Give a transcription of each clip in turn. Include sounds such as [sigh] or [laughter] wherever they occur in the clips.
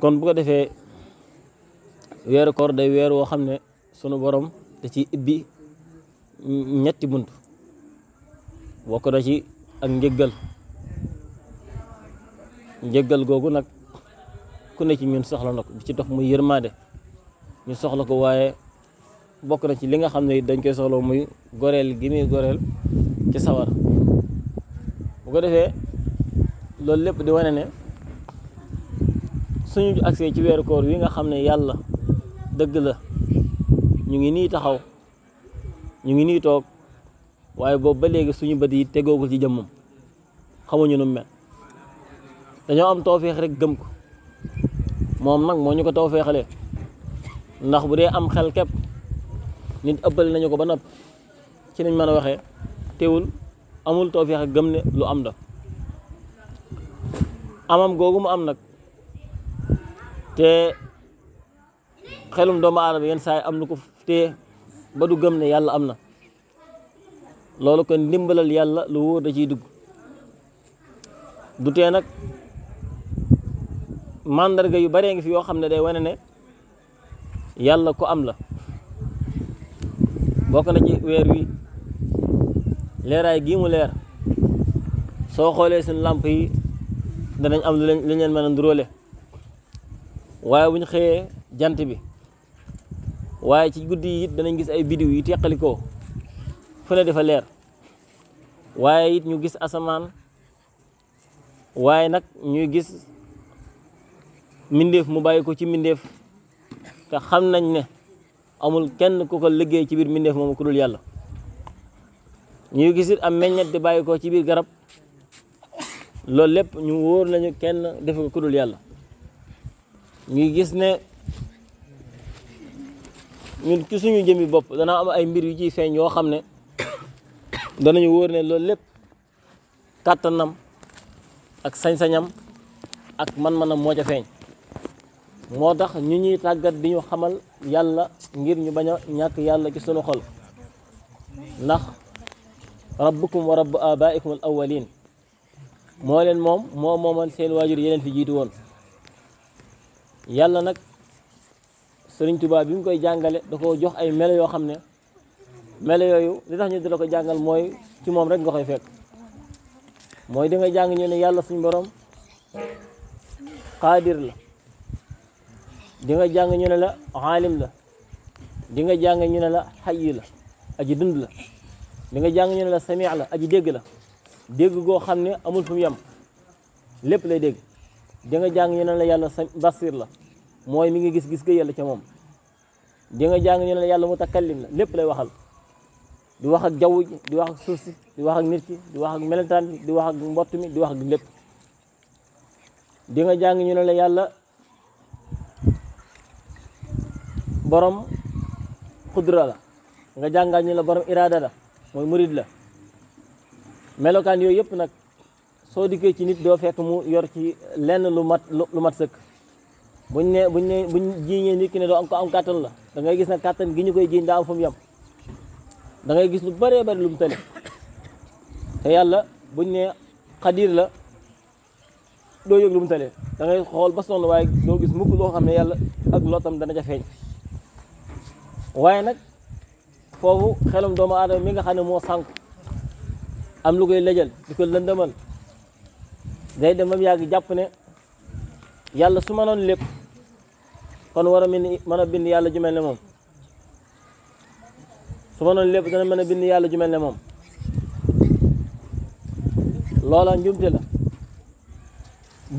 kon bu ko defee weeru kor day weer woo xam ne sunu borom da ci ibbi ñetti bunt bokk na ci ak njëggal njëggal googu nag ku ne ci ñun soxla na ko ci dox muy yërmaade ñu soxla ko waaye bokk na ci li nga xam ne dañ koy soxla muy goreel gi muy goreel ci sawar bu ko defee loolu lépp di wane ne suñu agsee ci weeru koor wi nga xam ne yàlla dëgg la ñu ngi nii taxaw ñu ngi nii toog waaye boobu ba léegi suñu bët yi tegoogul ci jëmmam xamuñu nu mel dañoo am tawféex rek gëm ko moom nag moo ñu ko tawféexalee ndax bu dee am xel kepp nit ëppale nañu ko ba nopp ci nañ mën a waxee teewul amul tawféex ak gëm ne lu am da amam googu mu am nag te xelum doomu arab yeen say amnu ko te ba du gëm ne yalla amna lolu ko ndimbalal yalla lu wóor da ci dugg du tee nak mandarga yu baree nga fi yo day wane ne yàlla ko am la bokk na ci weer wi leray gi mu leer so xoolee seen làmp yi danañ am lu leen waaye wuñ ñu xëyee jant bi waaye ci guddi yi it danañ gis ay biddiw yi teqalikoo fu ne dafa leer waaye it ñu gis asamaan waaye nag ñuy gis mbindeef mu bàyyi ko ci mbindeef te xam nañ ne amul kenn ku ko liggéey ci biir mbindeef moomu ku dul yàlla ñuy gis it am meññet di bàyyi ko ci biir garab loolu lépp ñu wóor nañu kenn defe ko ku yàlla ñuy gis ne ñun ci suñu jëmi bopp danaa am ay mbir yu ciy feeñ yoo xam ne [coughs] danañu wóor ne loolu lépp kàttanam ak sañsañam ak man-manam moo ca feeñ moo tax ñu ñuy tàggat di ñu xamal yàlla ngir ñu bañ a ñàkk yàlla ci sunu xol ndax rabbukum wa rabbu abaikum al awalin moo leen moom moo moomal seen waajur yeneen fi jiitu woon yàlla nag sëriñ tubaab bi mu koy jàngale da ko jox ay melo yoo xam ne melo yooyu li tax ñu di la ko jàngal mooy ci moom rek nga koy fekk mooy dangay jàng ñu ne yàlla suñ borom xaadir la di nga jàng ñu ne la xaalim la di nga jàng ñu ne la xayi la aji dund la di nga jàng ñu ne la samiix la aji dégg la dégg goo xam ne amul fu mu yem lépp lay dégg di nga jàng ñu ne la yàlla sa basir la mooy mi ngi gis gis ga yàlla ca moom di nga jàng ñu ne la yàlla mutakallim la lépp lay waxal di wax ak jaww di wax ak suuf si di wax ak nit ki di wax ak melentaan bi di wax ak mbott mi di wax ak lépp di nga jàng ñu ne la yàlla borom xudra la nga jàngal ñu la borom iraada la mooy murid la melokaan yooyu yëpp nag soo dikkee ci nit doo fekk mu yor ci lenn lu mat lu mat sëkk buñ ne buñ ne buñ jiiñee nit ki ne doo am ko kàttan la dangay ngay gis ne kàttan gi ñu koy jiiñ daa am fu mu yem gis lu bëree bëri lu mu tële te yàlla buñ ne xadir la doo yëg lu mu tële da xool ba sonn waaye doo gis mukk loo xam ne yàlla ak lottam dana ca feeñ waaye nag foofu xelum doomu aadama mi nga xam ne moo sànku am lu koy di ko lëndëmal day dem ba mu jàpp ne yàlla su mënoon lépp kon war a mën mën a bind yàlla ju mel ne moom su mënoon lépp dana mën a bind yàlla ju mel ne moom loola njumte la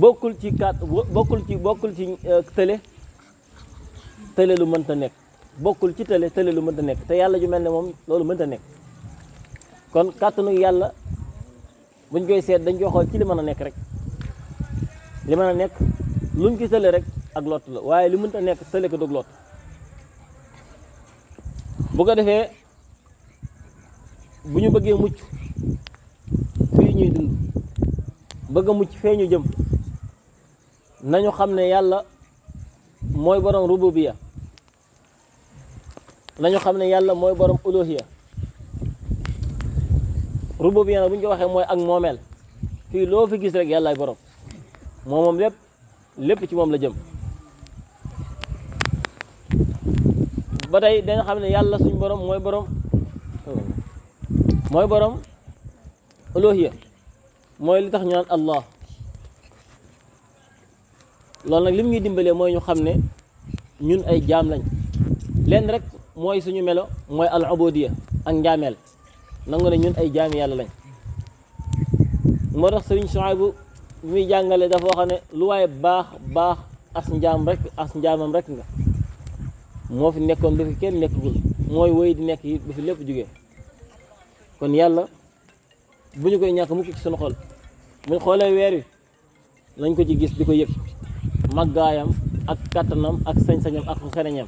bokkul ci kat bokkul ci bokkul ci euh, tële tële lu mënta nekk bokkul ci tële tële lu mënta nekk te yàlla ju mel ne moom loolu mënta nekk kon kàttanu yàlla buñ koy seet dañ koy xool ci li mën a nekk rek li mën a nekk luñ ci sële rek ak lott la waaye li mënut a nekk sële ko dog lott bu ko defee bu ñu bëggee mucc ñuy dund bëgg mucc fee ñu jëm nañu xam ne yàlla mooy borom rububiya nañu xam ne yàlla mooy borom uluhiya rububiya nag bu ñu ko waxee mooy ak moomeel fii loo fi gis rek yàllaay borom moo moom lépp lépp ci moom la jëm ba tey danga xam ne yàlla suñ boroom mooy borom mooy borom uluhiyya mooy li tax ñu naan allah loolu nag lim ñuy dimbalee mooy ñu xam ne ñun ay jaam lañ leen rek mooy suñu melo mooy al ubudiyya ak njaameel nangu ne ñun ay jaami yàlla lañ moo tax sëriñ Suhaybu muy jàngale dafa wax ne lu waaye baax baax as njaam rek as njaamam rek nga moo fi nekkoon ba fi kenn nekkagul mooy woy di nekk yi ba fi lépp jógee kon yàlla bu ñu ñàkk mukk ci sunu xol xoolee weer wi nañ ko ci gis di ko yëg màggaayam ak kàttanam ak sañ-sañam ak xereñam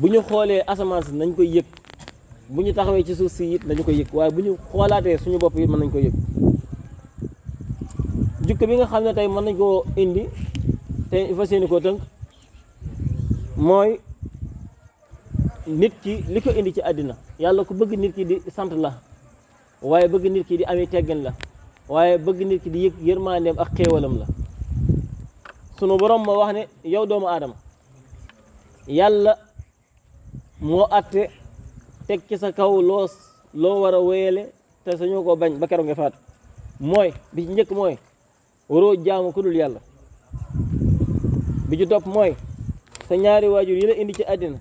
bu xoolee asamaan si nañ koy yëg bu ñu taxawee ci suuf si it nañu ko yëg waaye bu ñu xoolaatee suñu bopp yi mën nañ ko yëg jukki bi nga xam ne tey mën nañ koo indi te fas yéene koo tënk mooy nit ki li ko indi ci àddina yàlla ku bëgg nit ki di sant la waaye bëgg nit ki di amee teggin la waaye bëgg nit ki di yëg yërmaandeem ak xéewalam la sunu borom moo wax ne yow doomu aadama yàlla moo atte teg ci sa kaw loos loo war a wéyale te sañoo koo bañ ba keroog nga mooy bi ci njëkk mooy wuro jaamu ko dul yalla bi ci top moy sa ñaari wajur yi la indi ci adina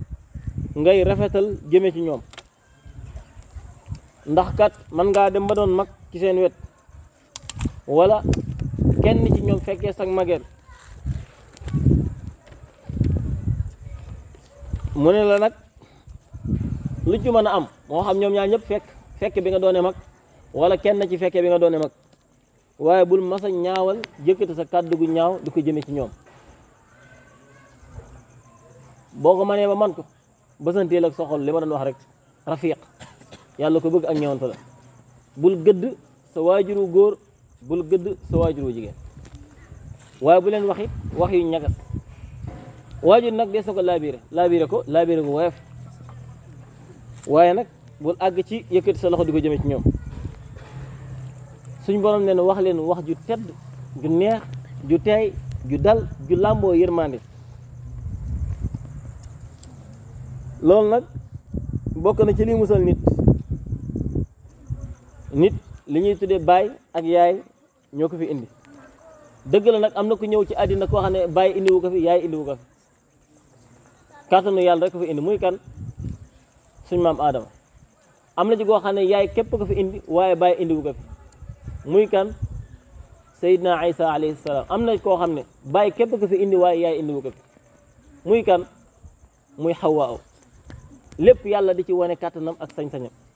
ngay rafetal jëme ci ñom ndax kat man nga dem ba don mak ci seen wet wala kenn ci ñom fekke sax magel mune la nak lu ci mëna am mo xam ñom ñaar ñep fekk fekk bi nga doone mak wala kenn ci fekke bi nga doone mak waaye bul masa ñaawal yëkkati sa kàddu gu ñaaw du ko jëmee ci ñoom boo ko manee ba man ko ak soxol li ma doon wax rek rafiq yàlla ko bëgg ak ñëwante la bul gëdd sa waajuru góor bul gëdd sa waajuru jigéen waaye bu leen wax wax yu ñagas waajur nag des na ko laabiire laabiire ko laabiire ko woyof waaye nag bul àgg ci yëkkati sa loxo di ko jëmee ci ñoom suñ borom nee na wax leen wax ju tedd ju neex ju teey ju dal ju làmboo yërmande loolu nag bokk na ci liy musal nit nit li ñuy tuddee baay ak yaay ñoo ko fi indi dëgg la nag am na ku ñëw ci àddina koo xam ne baay indiwu ko fi yaay indiwu ko fi kàttanu yàlla rek ko fi indi muy kan suñ maam aadama am na ci koo xam ne yaay képp ko fi indi waaye baay indiwu ko fi muy kan Seydina Isa alayhi salaam am na koo xam ne baay képp ko fi indi waaye yaay indi wu muy kan muy xawaa lépp yàlla di ci wane kattanam ak sañ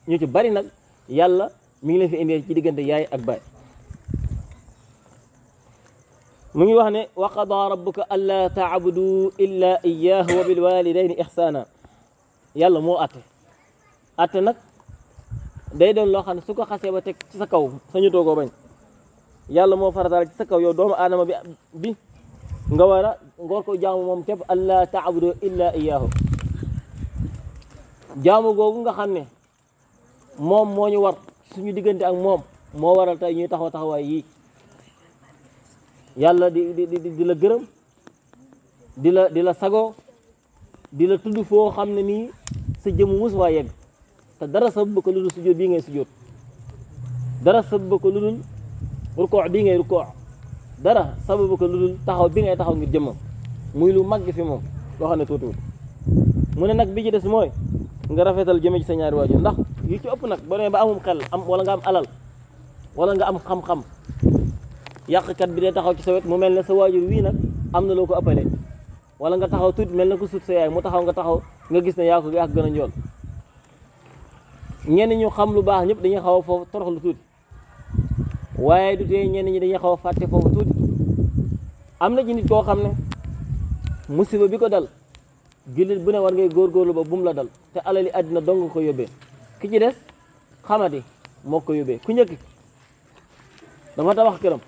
ñu ci bari nag yàlla mu ngi leen fi indi ci diggante yaay ak baay mu ngi wax ne wa qadaa rabbuka allaa taabudu illa iyaahu wa bilwalidaini ixsaana yàlla moo atte atte nag day doon loo xam ne su ko xasee ba teg ci sa kaw sañu too koo bañ yàlla moo farataal ci sa kaw yow doomu aadama bi bi nga war a ngoor ko jaamu moom képp allah taabudu illa iyaahu jaamu googu nga xam ne moom moo ñu war suñu diggante ak moom moo waral tey ñuy taxaw taxawaay yii yàlla di di di la gërëm di la di la sagoo di la tudd foo xam ne nii sa jëm mus waa yegg ta dara sabu ko lu dul sujud bi ngay sujud dara sababu ko lu dul rukoo bii ngay rukoo dara sababu ko lu dul taxaw bi ngay taxaw ngir jëm muy lu mag fi mom lo xamne tutu tuutiwul mu ne nag bi ci dess moy nga rafetal jëm ci sa ñaari waju ndax yu ci ëpp nak bo ne ba amum xel am wala nga am alal wala nga am xam-xam kat bi de taxaw ci sa wet mu mel sa waju wi nak amna na loo wala nga taxaw tut mel ko sut sa yaay mu taxaw nga taxaw nga gis ne yaa ko yaa ñenn ñu xam lu baax ñëpp dañuy xaw a foofu torox lu tuuti waaye du tee ñenn ñi dañuy xaw a fàtte foofu tuuti am na ci nit koo xam ne musiba bi ko dal jullit bu ne war ngay góorgóorlu ba bum la dal te alali àddina dong ko yóbbee ki ci des xamati moo ko yóbbee ku njëkk dafa tabax këram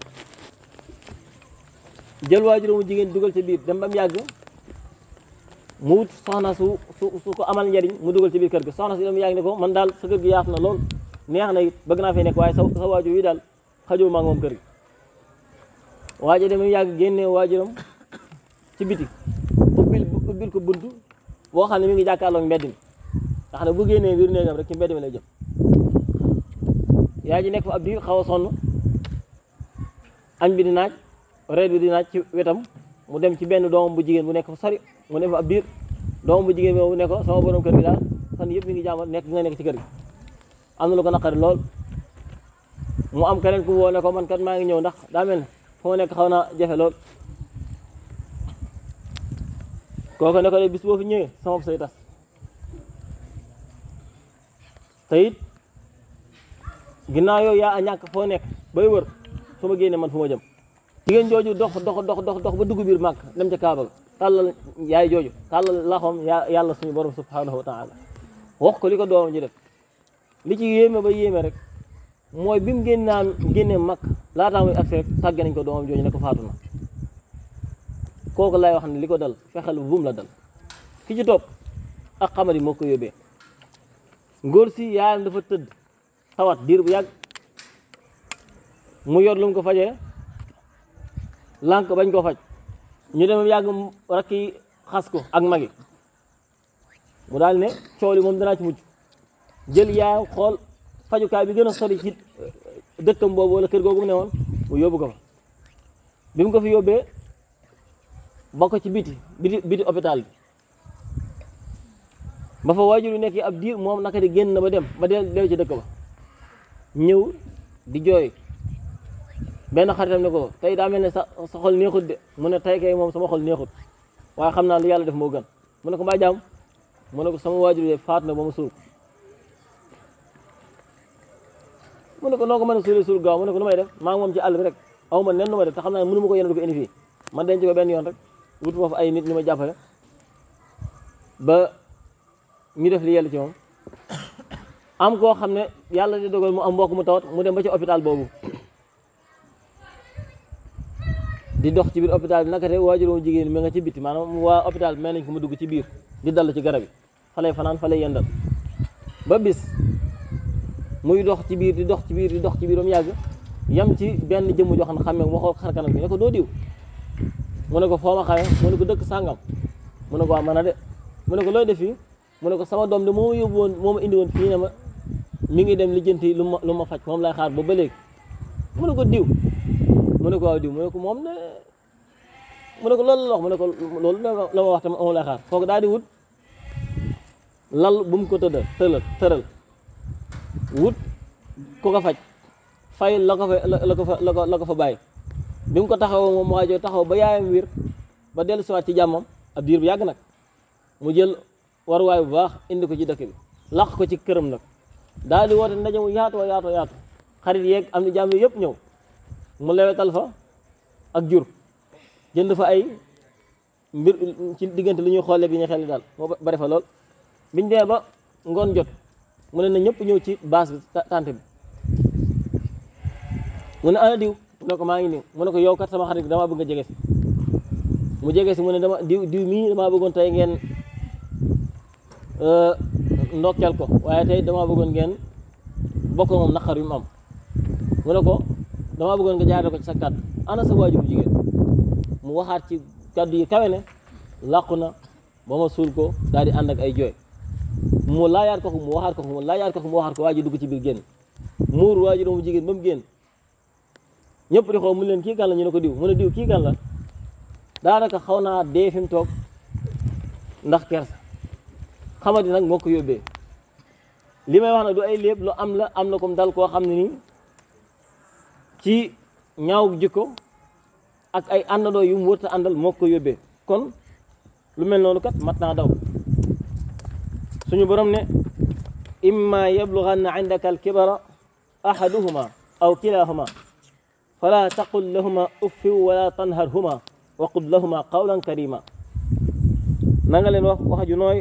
jël waajuramu jigéen dugal ca biir dem ba yàgg mu wut soxna su su ko amal njariñ mu dugal ci biir kër gi soxna si itam yaa ngi ne ko man daal sa kër gi yaatu na lool neex na it bëgg naa fi nekk waaye sa sa waajur wi daal xajoo maa ngi kër gi waajur dem yàgg génnee waajuram ci biti ubbil ubbil ko bunt ne mi ngi jàkkaarloog mbedd mi ne bu génnee biir néegam rek ci mbedd mi lay jëm nekk fa ab diir xaw a añ bi di naaj reer bi di naaj ci wetam mu dem ci benn doom bu jigéen bu nekk fa sori mu ne fa ab doom bu jigéen boobu ne ko sama borom kër gi daal fan yëpp mi ngi jaamal nekk nga nekk ci kër gi am na lu ko naqari lool mu am keneen ku woo ne ko man kat maa ngi ñëw ndax daa foo nekk xaw naa jafe lool kooku ne de bis boo fi ñëwee sama say tas te it ginnaaw yow yaa a ñàkk foo nekk bay wër su ma génnee man fu ma jëm jigéen jooju dox dox dox dox ba dugg biir màkk dem ca tàllal yaay jooju tàllal laxoom yàlla suñu borom subhanahu wa taala wax ko li ko doomam ji def li ci yéeme ba yéeme rek mooy bi mu génnaan génnee mag laataa muy agsi rek tàgge nañ ko doomam jooju ne ko faatu na kooku lay wax ne li ko dal fexeel buum la dal ki ci ak xamadi moo ko yóbbee si yaayam dafa tëdd tawat diir bu yàgg mu yor lu ko fajee lànk bañ ko faj ñu dem yàgg rakk yi xas ko ak magi mu daal ne coow li moom danaa ci mujj jël yaayam xool fajukaay bi gën a sori ci dëkkam boobu wala kër googu mu ne woon mu yóbbu ko fa bi mu ko fi yóbbee ba ko ci biti biti biti hôpital bi ba fa waajur yu nekk ab diir moom naka di génn na ba dem ba del ci dëkk ba ñëw di jooy benn xaritam ne ko tey daa mel ne sa sa xol neexut de mu ne tey kay moom sama xol neexut waaye xam naa lu yàlla def moo gën mu ne ko mbaa jaam mu ne ko sama waajur de faat na ba mu suul mu ne ko noo ko mën a suulee suul gaaw mu ne ko nu may def maa ngi moom ci àll rek aw ma nen nu ma def te xam naa mënu ma ko yéen a ko indi man denc ko benn yoon rek wut foofu ay nit ñu ma jàppale ba ñu def li yàlla ci moom am koo xam ne yàlla di dogal mu am mbokk mu tawat mu dem ba ci hôpital boobu di dox ci biir hôpital bi naka te waajuróom jigéen mi nga ci bitti maanaam waa hôpital bi may nañ ko mu dugg ci biir di dall ci garab yi fa lay fanaan fa lay yendal ba bis muy dox ci biir di dox ci biir di dox ci biir ba mu yàgg yam ci benn jëmm joo xam ne xàmmee ma xool ko doo diw mu ne ko foo ma mu ne ko dëkk sàngam mu ne ko waa a de mu ne ko looy def fii ko sama doom de moo ma yóbbu woon moo ma indi fii ne ma mi ngi dem lijjanti lu ma lu ma faj moom lay xaar ba ba léegi mu ne ko diw mu ne ko waaw diw mu ne ko moom ne mu ne ko loolu la wax mu ne ko loolu la ma wax tam amul xaar kooku daal di wut lal bu mu ko tëdd tëral tëral wut ku ko faj fay la ko fa la ko fa la ko fa bàyyi bi mu ko taxawoo moom waajoo taxaw ba yaayam wir ba dellu siwaat ci jàmmam ab diir bu yàgg nag mu jël waruwaay bu baax indi ko ci dëkk bi laq ko ci këram nag daal di woote ndaje mu yaatu yaatu yaatu xarit yeeg am ni jàmm yëpp ñëw mu lewetal fa ak jur jënd fa ay mbir ci diggante li ñuy xoolee bi ñu xel daal moo bari fa lool biñ dee ba ngoon jot mu ne na ñëpp ñëw ci base bi tànt bi mu ne ana diw mu ne ko maa ngi nii mu ne ko yow kat sama xarit bi damaa bëgg a jege si mu jege si mu ne dama diw diw mii damaa bëggoon tey ngeen euh, ndokkeel ko waaye tey dama bëggoon ngeen bokk moom naqar am mu ne ko damaa bëggoon nga jaaree ko ci sa kàddu ana sa waajur bu jigéen mu waxaat ci kàddu yi kawe ne làqu na ba ma suul ko daal di ay jooy mu laajaat ko mu waxaat ko mu laajaat ko mu waxaat ko waajur dugg ci biir génn muur waajur mu jigéen ba mu génn ñëpp di xool mu leen kii kan la ñu ne ko diw mu ne diw kii kan la daanaka xaw naa dee fi toog ndax kersa xamadi nag moo ko yóbbee li may wax nag du ay léeb lu am la am na comme dal koo xam ne ci ñaaw jikko ak ay àndandoo yu mu wërta àndal moo kon lu mel noonu kat mat daw suñu borom ne imma yablughanna indaka alkibara ahaduhuma aw kilahuma fala taqul lahuma uffi wala tanharhuma wax ju nooy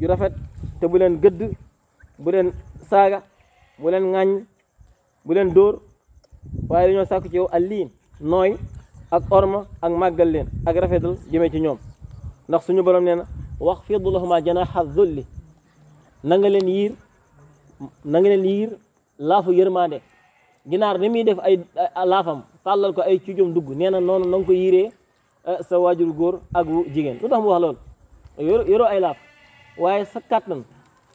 ju rafet te bu gëdd bu saaga bu leen ŋàññ bu waaye dañoo sàkku ci yow al nooy ak orma ak màggal leen ak rafetal jëmee ci ñoom ndax suñu borom nee na wax fid lahuma janaha dhulli na nga leen yiir na leen yiir laafu yërmaande ginaar ni muy def ay laafam tàllal ko ay cujum dugg nee na noonu na ko yiiree eh, sa waajur góor ak wu jigéen lu tax mu wax loolu yoroo ay laaf waaye sa kàttan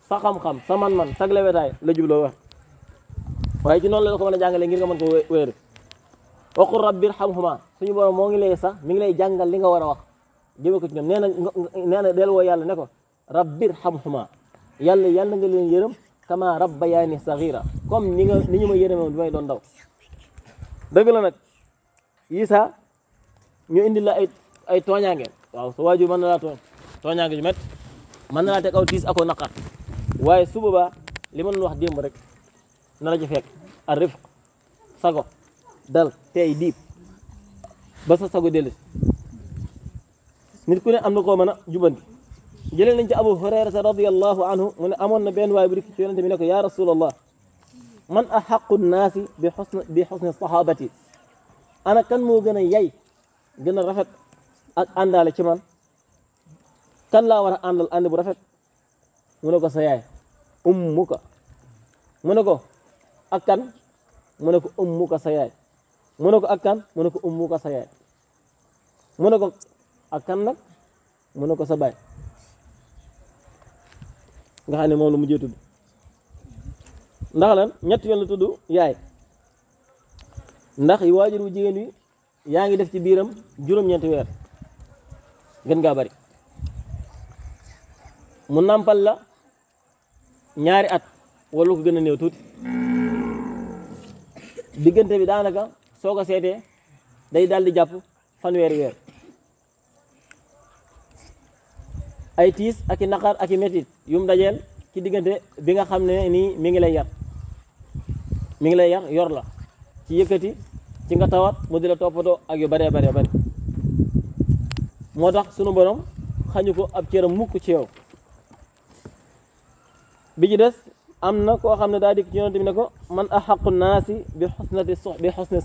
sa xam-xam sa man-man sag lewetaay la jubloo wax waaye ci noonu la ko mën a jàngalee ngir nga mën ko wéer waqul rabbi irhamhuma suñu borom moo ngi lay sax mi ngi lay jàngal li nga war a wax jëme ko ci ñoom nee del woo yàlla ne ko rabbi irhamhuma yàlla yàlla nga leen yërëm kama rabbayaani sagira comme kom nga ni ñu ma yërëme bi may doon daw dëgg la nag Isa ñu indi la ay ay tooñaange waaw sa waajur mën na laa tooñ tooñaange ju met mën na laa teg aw ako naqar waaye su boobaa li ma doon wax démb rek na la ci fekk ak rifq sago dal tey diib ba sa sago dellu nit ku am na koo mën a jubanti jëlee nañ ci abu hurayrata radiallahu anhu mu ne amoon na benn waay bu rikki ci yaa rasulallah man axaqu naasi bi xusni bi xusni sahabati ana kan moo gën a yay gën a rafet ak àndaale ci man kan laa war a àndal ànd bu rafet mu ne ko sa ummuka ko ak kan mu ne ko ummuka sa yaay mu ne ko ak kan mu ne ko ummuka sa yaay mu ne ko ak kan nag mun ne ko sa baay nga xam ne moom la mujjee tudd ndax lan ñetti yoon tudd yaay ndax yi waajur wu jigéen wi yaa ngi def ci biiram juróom-ñeenti weer gën ngaa bari mu nàmpal la ñaari at wala ko gën a néew tuuti diggante bi daanaka soo ko seetee day daal di jàpp fanweeri weer ay tiis aki i naqar ak i yu mu dajeel ci diggante bi nga xam ne nii mi ngi lay yar mi ngi lay yar yor la ci yëkkati ci nga tawat mu di la toppatoo ak yu baree baree bari moo tax sunu borom xañu ko ab cëram mukk ci yow des am ko xamne xam dik yonent bi ne ko man axaqu nasi bi husnati sox bi xusni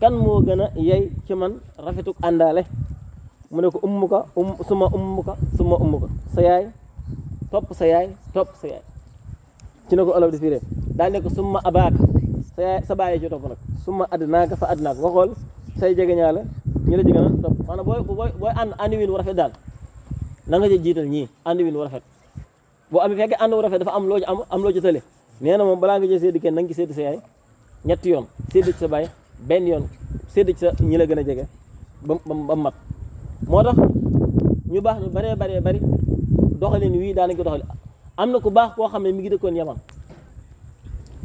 kan mo gëna yey ci man rafetuk andale mu ne ko ummuka um suma ummuka suma ummuka sa yaay top sa yaay top sa yaay ci ko di fiire daal ne ko summa abaka sa yaay sa bàyyi ci summa adnaaka fa adnaaka ko xol say jegeñaale ñu la jige na Top. maanaam boy boy boy ànd ànd win wu rafet daal la nga win wu rafet boo amee fekkee ànd bu rafet dafa am loo ci am am loo ci tële nee na moom balaa nga jël sédd kenn na nga ci sédd sa yaay ñetti yoon sédd ci sa baay benn yoon sédd ci sa ñi la gën a jege ba ba mag moo tax ñu baax ñu baree baree bari doxalin wii daanañ ko doxali am na ku baax koo xam ne mi ngi dëkkoon yaman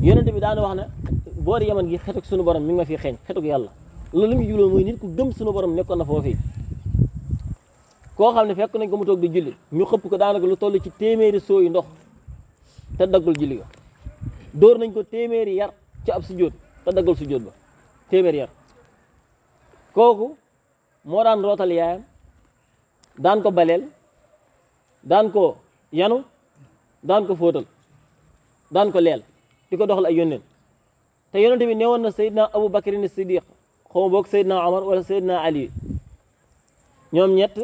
yonent bi daana wax ne boori yaman gi xetuk suñu borom mi nga fi xeeñ xetuk yàlla loolu li mu jubloon mooy nit ku gëm sunu borom nekkoon na foofii koo xam ne fekk nañ ko mu toog di julli ñu xëpp ko daanaka lu toll ci téeméeri sooyu ndox te daggul julli ga dóor nañ ko téeméeri yar ci ab sujjóot te daggul sujjóot ba téeméeri yar kooku moo daan rootal yaayam daan ko baleel daan ko yanu daan ko fóotal daan ko leel di ko doxal ay yónneen te yonente bi neewoon na Seydina Abu Bakr ni Siddiq xaw ma boog Seydina Omar wala Seydina Ali ñoom ñett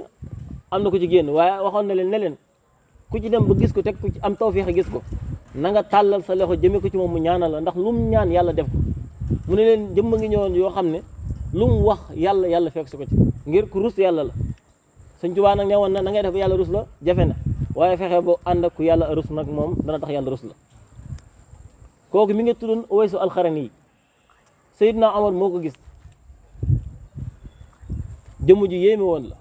amna na ku ci genn waye waxon na len ne leen ku ci dem ba gis ko tek ku am tawféex gis ko na nga talal sa loxo jeme ko ci mom mu ñaanal ndax lu mu ñaan yalla def ko mu ne len jëm nga ñewon yo xamne lu mu wax yalla yalla fekk ko ci ngir ku rus yalla la señ tubaa nak ne na ngay def yalla rus la jafé na waye fexé bo and ak yalla rus nak mom dana tax yalla rus la mi nga tudun al kharani sayyidna moko gis jëm ju won la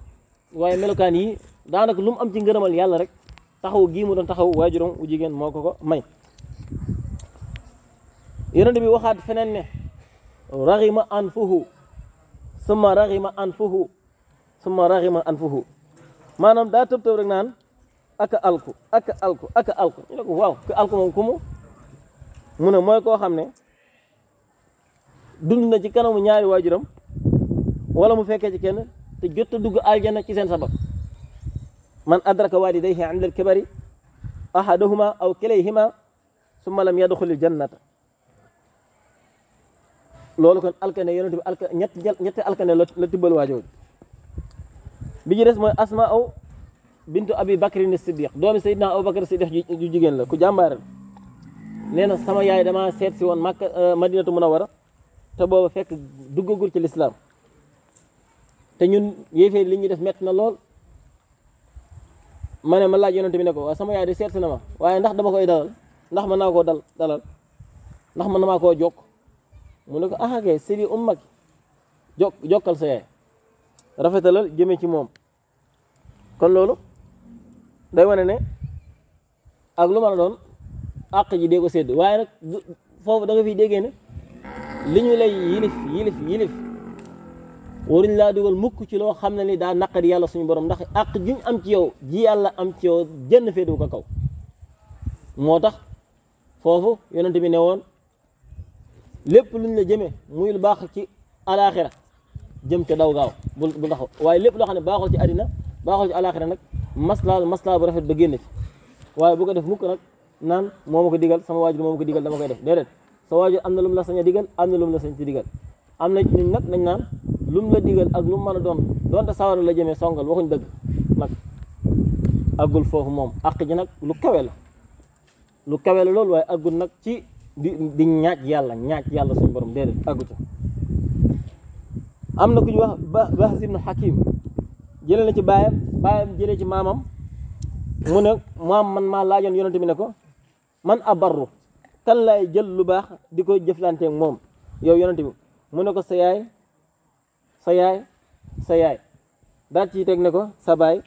waaye melokaan yi daanaka lu mu am ci ngërëmal yàlla rek taxaw gii mu doon taxaw waajuram u jigéen moo ko ko may yonent bi waxaat feneen ne raxima an fuhu summa raxima an fuhu summa raxima an fuhu maanaam daa tëb tëb rek naan aka alku aka alku aka alku ñu ne ko waaw alku moom ku mu mu ne koo xam ne dund na ci kanamu ñaari waajuram wala mu fekkee ci te jot dugg aljana ci sabab man adraka walidayhi inda alkibari ahaduhuma aw kilayhima summa lam yadxulil jannata loolu kon alkane yonent bi alka ñetti ñetti alkane la tibbal waajooju mooy asma aw bintu abi bakrin siddiq doomi sayidna abu bakar siddiq ju jigéen la ku jàmbaare nee na sama yaay dama seet si woon màkk euh, madinatu munawara te booba fekk duggagul ci lislaam te ñun yéefee li ñu def metti na lool ma ne ma laaj yonent bi ne ko waaw sama yaay de na ma waaye ndax dama koy dalal ndax mën naa koo dal dalal ndax mën na ko jokk mu ne ko ah kay sëri ummak jokkal sa yaay rafetalal jëme ci moom kon loolu day wane ne ak lu mën doon àq ji dee ko sédd waaye nag foofu da nga fiy déggee ne yilif yilif yilif waruñ la dugal mukk ci lo xam ni da nakar yalla suñu borom ndax ak juñ am ci yow ji yalla am ci yow fe féedu ko kaw motax fofu yonent bi newon lepp luñ la jeme muy lu bax ci alakhirah jëm ci daw gaaw bu ndax taxaw lepp lo xamne baxul ci adina baxul ci alakhirah nak masla masla bu rafet ba genn ci waaye bu ko def mukk nak nan momako digal sama wajur momako digal dama koy def dedet sa wajur amna lum la sañ digal amna lum la sañ ci digal amna ci ñun nak nañ nan lum la digal ak lum mën don doon donte sawara la jeme songal waxuñ deug nak agul fofu mom ak ji nak lu kawel lu kawel lol way agul nak ci di di ñaaj nyak ñaaj suñu borom dede àggu amna am na ku ñu wax Bahz ibn Hakim jele na ci bayam bayam jele ci mamam mu ne mam man ma laajoon yonent bi ne ko man abaru kan lay jël lu bax di ko jëflanteeg moom yow yonent bi mu ne ko sa yaay sa yaay sa yaay daal ci teg ne ko sa baay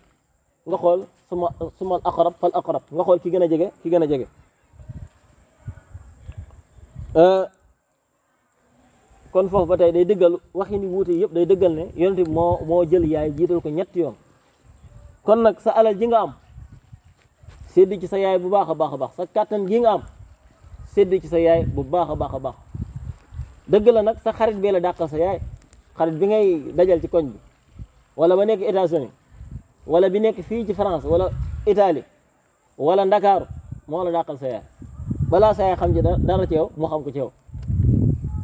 nga xool suma suma aqrab fal aqrab nga xool ki gën a jege ki gën a jege euh, kon foofu ba tey day dëggal waxi ni wuute yëpp day dëggal ne yonent bi moo moo jël yaay jiital ko ñetti yoon kon nag sa alal ji nga am sedd ci sa yaay bu baax a baax a baax sa kàttan gi nga am sédd ci sa yaay bu baax a baax a baax dëgg la nag sa xarit bee la dàqal sa yaay xarit bi ngay dajal ci koñ bi wala ba nekk états wala bi nekk fii ci France wala Italie wala Ndakaaru moo la dàqal sa yaay balaa sa yaay xam ci dara ci mu xam ko ci yow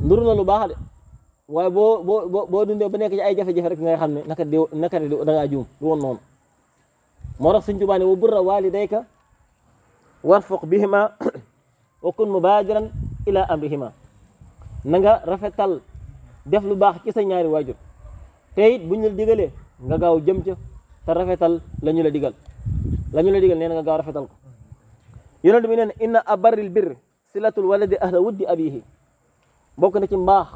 nduru lu baax de waaye boo boo boo dundee ba nekk ci ay jafe-jafe rek ngay xam ne naka di naka di da ngaa juum du woon moo tax suñ tubaane wa burra walidayka warfuq bihima wa kun mubadiran ila amrihima na nga rafetal def lu baax ci sa ñaari waajur tey it bu ñu la digalee nga gaaw jëm ca rafetal la la digal la ñu la digal nee na nga gaaw rafetal ko yonent bi nee na inna abarril birr silatul waladi ahla wuddi abihi bokk na ci mbaax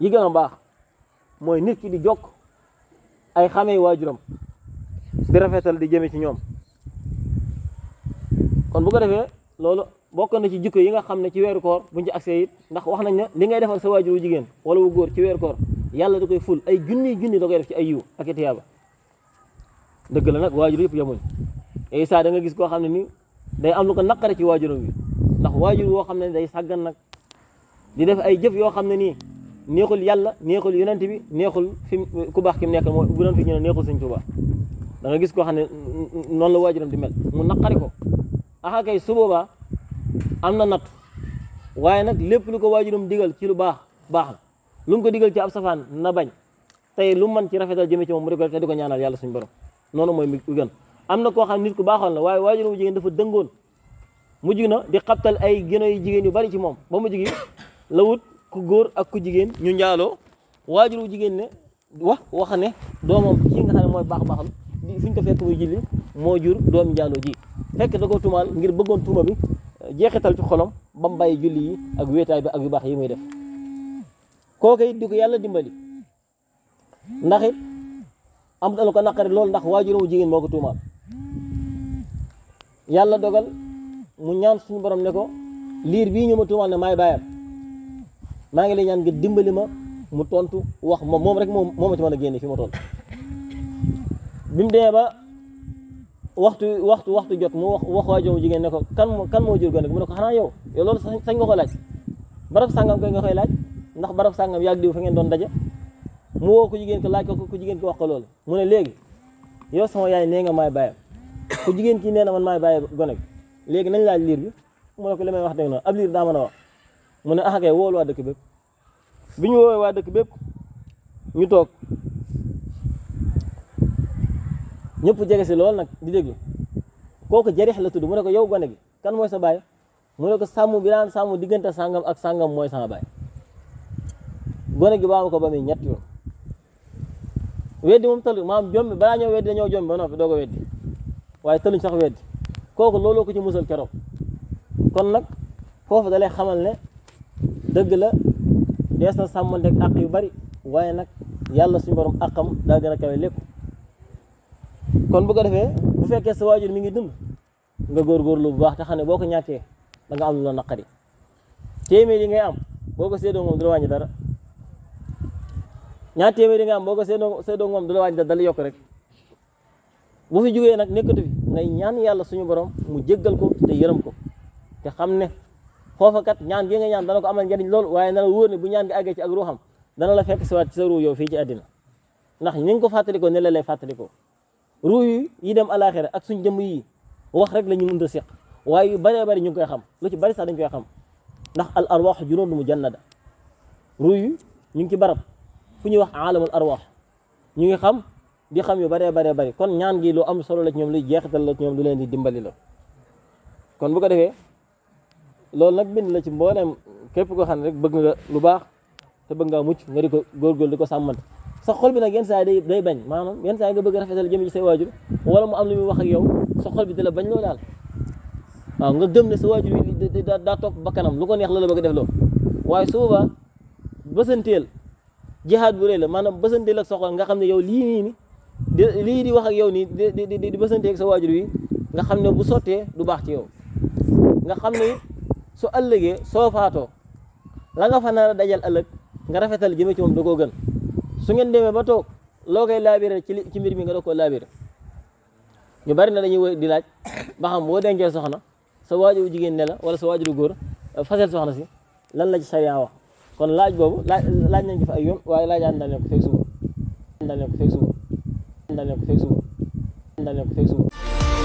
yi gën a mbaax mooy nit ki di jokk ay xamee waajuram di rafetal di jëme ci ñoom kon bu ko defee bokk na ci jikko yi nga xam ne ci weeru koor buñ ci accès it ndax wax nañ ne li ngay defal sa waajuru jigéen wala wu góor ci weeru koor yàlla da koy ful ay junni junni da koy def ci ay yiw ak dëgg la nag waajur yëpp yemuñ et ça da nga gis koo xam ne ni day am lu ko naqare ci waajuram bi ndax waajur woo xam ne day sàggan nag di def ay jëf yoo xam ne nii neexul yàlla neexul yonent bi neexul fi ku baax ki mu nekk moo bu doon fi ñu ne neexul sëñ Tuubaa da nga gis koo xam ne noonu la waajuram di mel mu naqari ko axa kay su boobaa am na natt waaye nag lépp lu ko mu digal ci lu baax baax na lu ko digal ci ab safaan na bañ tey lu man ci rafetal jëme ci moom mu di ko def di ko ñaanal yàlla suñu borom noonu mooy mi gën am na koo xam nit ku baaxoon la waaye waajuram jigéen dafa dëngoon mu na di xabtal ay gëno jigéen yu bari ci moom ba mu jigi la wut ku góor ak ku jigéen ñu njaaloo waajuru jigéen ne wax wax ne doomam ci nga xam ne mooy baax baaxam fi ñu ko fekk muy julli moo jur doom njaaloo ji fekk da ko tuumaal ngir bëggoon tuuma bi jeexital ci xolam ba mu bàyyi julli yi ak wéetaay bi ak yu baax yi muy def kooku it di yàlla dimbali ndax am na ko naqari lool ndax waajuramu jigéen moo ko tuumaal yàlla dogal mu ñaan suñu borom ne ko liir bii ñu ma tuumaal ne maay bàyyam maa ngi lay ñaan nga dimbali ma mu tontu wax moom moom rek moom moo ma ci mën a génne fi ma toll bi dee ba waxtu waxtu waxtu jot mu wax wax waajoom jigéen ne ko kan kan moo jur gone mu ne ko xanaa yow yow loolu sañ nga ko laaj barab sàngam koy nga koy laaj ndax bara sàngam yàgg diw fa ngeen doon daje mu woo ko jigéen ko laaj ko ku jigéen ko wax ko loolu mu ne léegi yow sama yaay nee nga maay bàyyam ku jigéen ki nee na man maay bàyyi gone bi léegi nañ laaj liir bi mu ne ko li may wax dëgg noonu ab liir daa mën a wax mu ne ah kay woolu waa dëkk bépp bi ñu woowee waa dëkk bépp ñu toog ñépp jege si lool nag di déglu kooku jarix la tudd mu ne ko yow gone gi kan mooy sa baay mu ne ko sàmm bi daan sàmm diggante sàngam ak sàngam mooy sama baay gone gi baamu ko ba muy ñett yoon weddi moom tëlu maam jombi balaa ñoo weddi dañoo jombi ba noppi doo ko weddi waaye tëluñ sax weddi kooku looloo ko ci musal keroog kon nag foofu dalay xamal ne dëgg la dees na sàmmanteeg ak yu bari waaye nag yàlla suñu borom àqam daa gën a kawe lépp kon bu ko defee bu fekkee sa waajur mi ngi dund nga góorgóorlu lu baax te xam ne boo ko ñàkkee da nga am lu la naqari téeméer yi ngay am boo ko séedoo moom du la wàññi dara ñaar téeméer yi ngay am boo ko séedoo séedoo moom du la dara dala yokk rek bu fi jógee nag nekkatu fi ngay ñaan yàlla suñu borom mu jéggal ko te yërëm ko te xam ne foofa kat ñaan gi nga ñaan dana ko amal njariñ lool waaye na la wóor bu ñaan gi àggee ci ak ruuxam dana la fekk siwaat ci sa ruu yow fii ci àddina ndax ni ko fàttalikoo ne la lay fàttalikoo ruuy yi dem alaxira ak suñ jëmm yi wax rek lañu ñu mën seq waaye yu bëree bëri ñu ngi koy xam lu ci bëri sax dañ koy xam ndax al juróom junoon mu jannada ruuy ñu ngi ci barab fu ñuy wax aalamul arwaax ñu ngi xam di xam yu bëree bëree bëri kon ñaan gi loo am solo la ci ñoom luy jeexital la ci ñoom lu leen di dimbali la kon bu ko defee loolu nag bind la ci mbooleem képp koo xam ne rek bëgg nga lu baax te bëgg nga mucc nga di ko góorgóorlu di ko sàmmante xol bi nag yenn saa day day bañ maanaam yenn saa nga bëgg rafetal jëm ci say waajur wala mu am lu muy wax ak yow sa xol bi dala la bañ loo daal waaw nga gëm ne sa waajur yi daa ba kanam lu ko neex la la bëgg def loo waaye suba boobaa bësanteel jihaad bu rëy la maanaam bësanteel ak sa xol nga xam ne yow lii nii ni di lii di wax ak yow nii di di di bësanteel ak sa waajur yi nga xam ne bu sottee du baax ci yow nga xam ne su ëllëgee soo faatoo la nga fa nar a dajal ëllëg nga rafetal jëme ci moom da koo gën su ngeen demee ba toog loo koy laabire ci ci mbir mi nga doog koo laabire ñu bari na dañuy di laaj ba xam boo denkee soxna sa waajur jigéen ne la wala sa waajur góor fasel soxna si lan la ci sariya kon laaj boobu laaj laaj nañ ko fa ay yoon waaye laajaan daal leen ko fekk suba daal leen ko fekk suba daal leen ko fekk suba daal leen